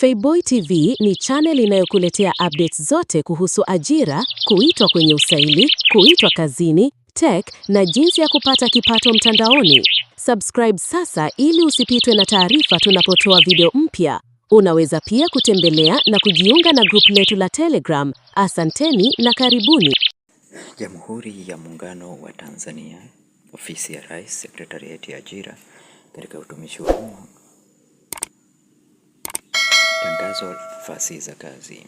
Feaboy TV ni channel inayokuletea updates zote kuhusu ajira, kuitwa kwenye usaili, kuitwa kazini, tech na jinsi ya kupata kipato mtandaoni. Subscribe sasa ili usipitwe na taarifa tunapotoa video mpya. Unaweza pia kutembelea na kujiunga na grupu letu la Telegram. Asanteni na karibuni. Jamhuri ya Muungano wa Tanzania, Ofisi ya Rais, Sekretarieti ya Ajira katika Utumishi wa Umma tangazo la nafasi za kazi.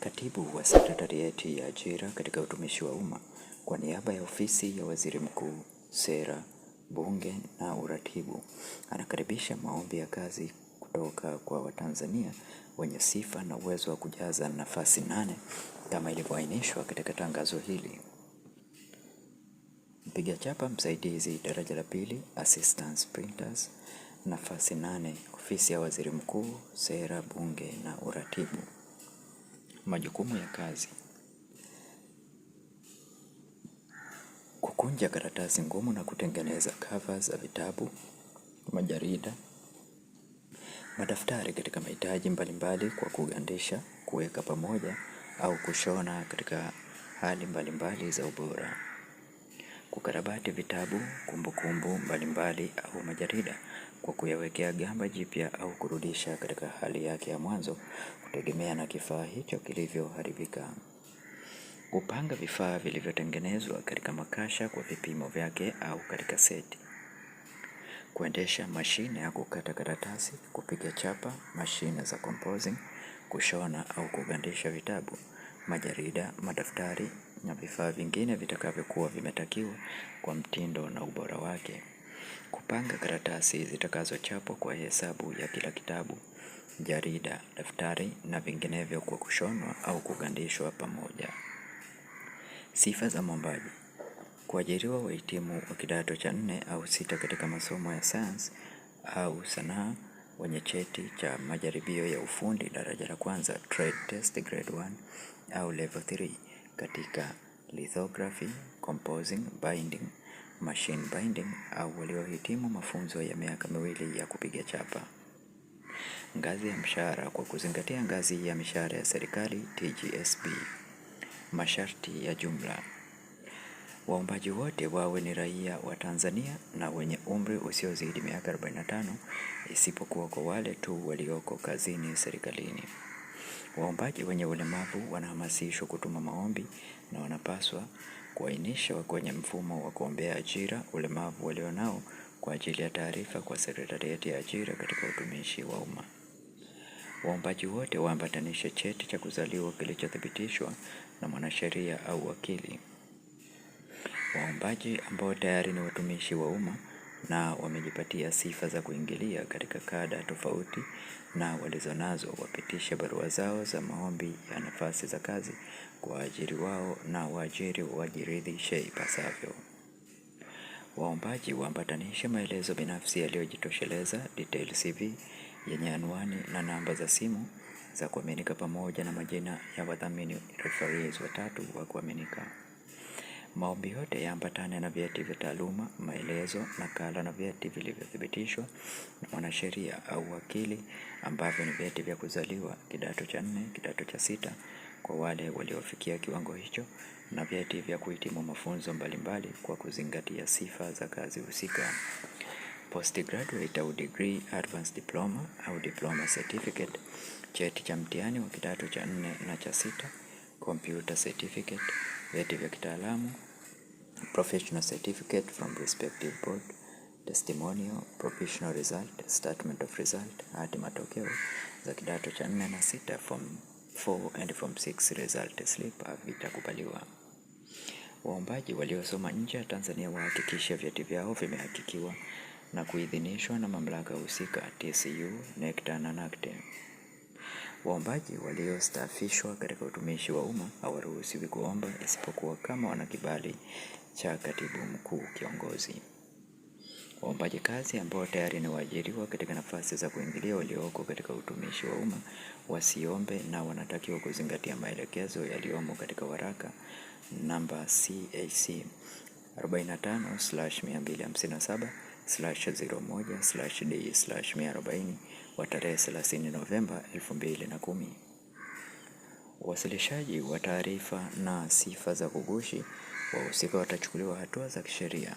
Katibu wa Sekretarieti ya Ajira katika Utumishi wa Umma kwa niaba ya Ofisi ya Waziri Mkuu, Sera, Bunge na Uratibu anakaribisha maombi ya kazi kutoka kwa Watanzania wenye sifa na uwezo wa kujaza nafasi nane kama ilivyoainishwa katika tangazo hili. Mpiga chapa msaidizi daraja la pili, assistants printers Nafasi nane: Ofisi ya Waziri Mkuu, Sera, Bunge na Uratibu. Majukumu ya kazi: kukunja karatasi ngumu na kutengeneza kava za vitabu, majarida, madaftari katika mahitaji mbalimbali kwa kugandisha, kuweka pamoja au kushona katika hali mbalimbali za ubora, kukarabati vitabu, kumbukumbu mbalimbali au majarida kwa kuyawekea gamba jipya au kurudisha katika hali yake ya mwanzo kutegemea na kifaa hicho kilivyoharibika. Kupanga vifaa vilivyotengenezwa katika makasha kwa vipimo vyake au katika seti. Kuendesha mashine ya kukata karatasi, kupiga chapa, mashine za composing, kushona au kugandisha vitabu, majarida, madaftari na vifaa vingine vitakavyokuwa vimetakiwa kwa mtindo na ubora wake kupanga karatasi zitakazochapwa kwa hesabu ya kila kitabu, jarida, daftari na vinginevyo kwa kushonwa au kugandishwa pamoja. Sifa za mwombaji: kuajiriwa wahitimu wa kidato cha nne au sita katika masomo ya sayansi au sanaa wenye cheti cha majaribio ya ufundi daraja la kwanza trade test grade 1 au level 3 katika lithography, composing, binding machine binding au waliohitimu mafunzo ya miaka miwili ya kupiga chapa. Ngazi ya mshahara kwa kuzingatia ngazi ya mishahara ya serikali TGSB. Masharti ya jumla. Waombaji wote wawe ni raia wa Tanzania na wenye umri usiozidi miaka 45 isipokuwa kwa wale tu walioko kazini serikalini. Waombaji wenye ulemavu wanahamasishwa kutuma maombi na wanapaswa kuainishwa kwenye mfumo wa kuombea ajira ulemavu walionao kwa ajili ya taarifa kwa Sekretarieti ya Ajira katika Utumishi wa Umma. Waombaji wote waambatanishe cheti cha kuzaliwa kilichothibitishwa na mwanasheria au wakili. Waombaji ambao tayari ni watumishi wa umma na wamejipatia sifa za kuingilia katika kada tofauti na walizonazo wapitishe barua zao za maombi ya nafasi za kazi kwa waajiri wao na waajiri wajiridhishe ipasavyo. Waombaji waambatanishe maelezo binafsi yaliyojitosheleza detail CV yenye anwani na namba za simu za kuaminika pamoja na majina ya wadhamini referees watatu wa kuaminika. Maombi yote yaambatane na vyeti vya taaluma, maelezo, nakala na vyeti vilivyothibitishwa na mwanasheria au wakili ambavyo ni vyeti vya kuzaliwa kidato cha nne, kidato cha sita kwa wale waliofikia kiwango hicho na vyeti vya kuhitimu mafunzo mbalimbali kwa kuzingatia sifa za kazi husika. Postgraduate au degree, advanced diploma au diploma certificate, cheti cha mtihani wa kidato cha nne na cha sita, computer certificate, vyeti vya kitaalamu, professional certificate from respective board, testimonial, provisional result, statement of result, hati matokeo za kidato cha nne na sita, form 4 and form 6 result slip havitakubaliwa. Waombaji waliosoma nje ya Tanzania wahakikishe vyeti vyao vimehakikiwa na kuidhinishwa na mamlaka husika TCU, NECTA na nakte Waombaji waliostaafishwa katika utumishi wa umma hawaruhusiwi kuomba isipokuwa kama wana kibali cha katibu mkuu kiongozi. Waombaji kazi ambao tayari ni waajiriwa katika nafasi za kuingilia walioko katika utumishi wa umma wasiombe na wanatakiwa kuzingatia maelekezo yaliyomo katika waraka namba CAC 45/257/01/D/140 wa tarehe 30 Novemba 2010. Uwasilishaji wa taarifa na sifa za kugushi wahusika watachukuliwa hatua za kisheria.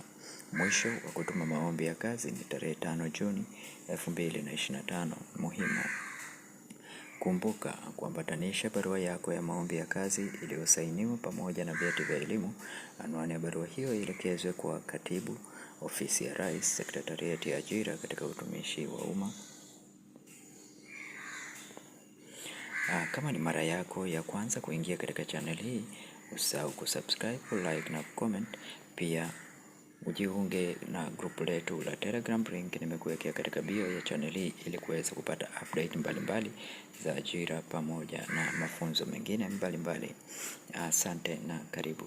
Mwisho wa kutuma maombi ya kazi ni tarehe 5 Juni 2025. Muhimu kumbuka kuambatanisha barua yako ya maombi ya kazi iliyosainiwa pamoja na vyeti vya elimu. Anwani ya barua hiyo ielekezwe kwa Katibu, Ofisi ya Rais, Sekretarieti ya Ajira katika Utumishi wa Umma. Ah, kama ni mara yako ya kwanza kuingia katika channel hii, usahau kusubscribe, like na comment. Pia ujiunge na grupu letu la Telegram, link nimekuwekea katika bio ya channel hii ili kuweza kupata update mbalimbali za ajira pamoja na mafunzo mengine mbalimbali. Asante na karibu.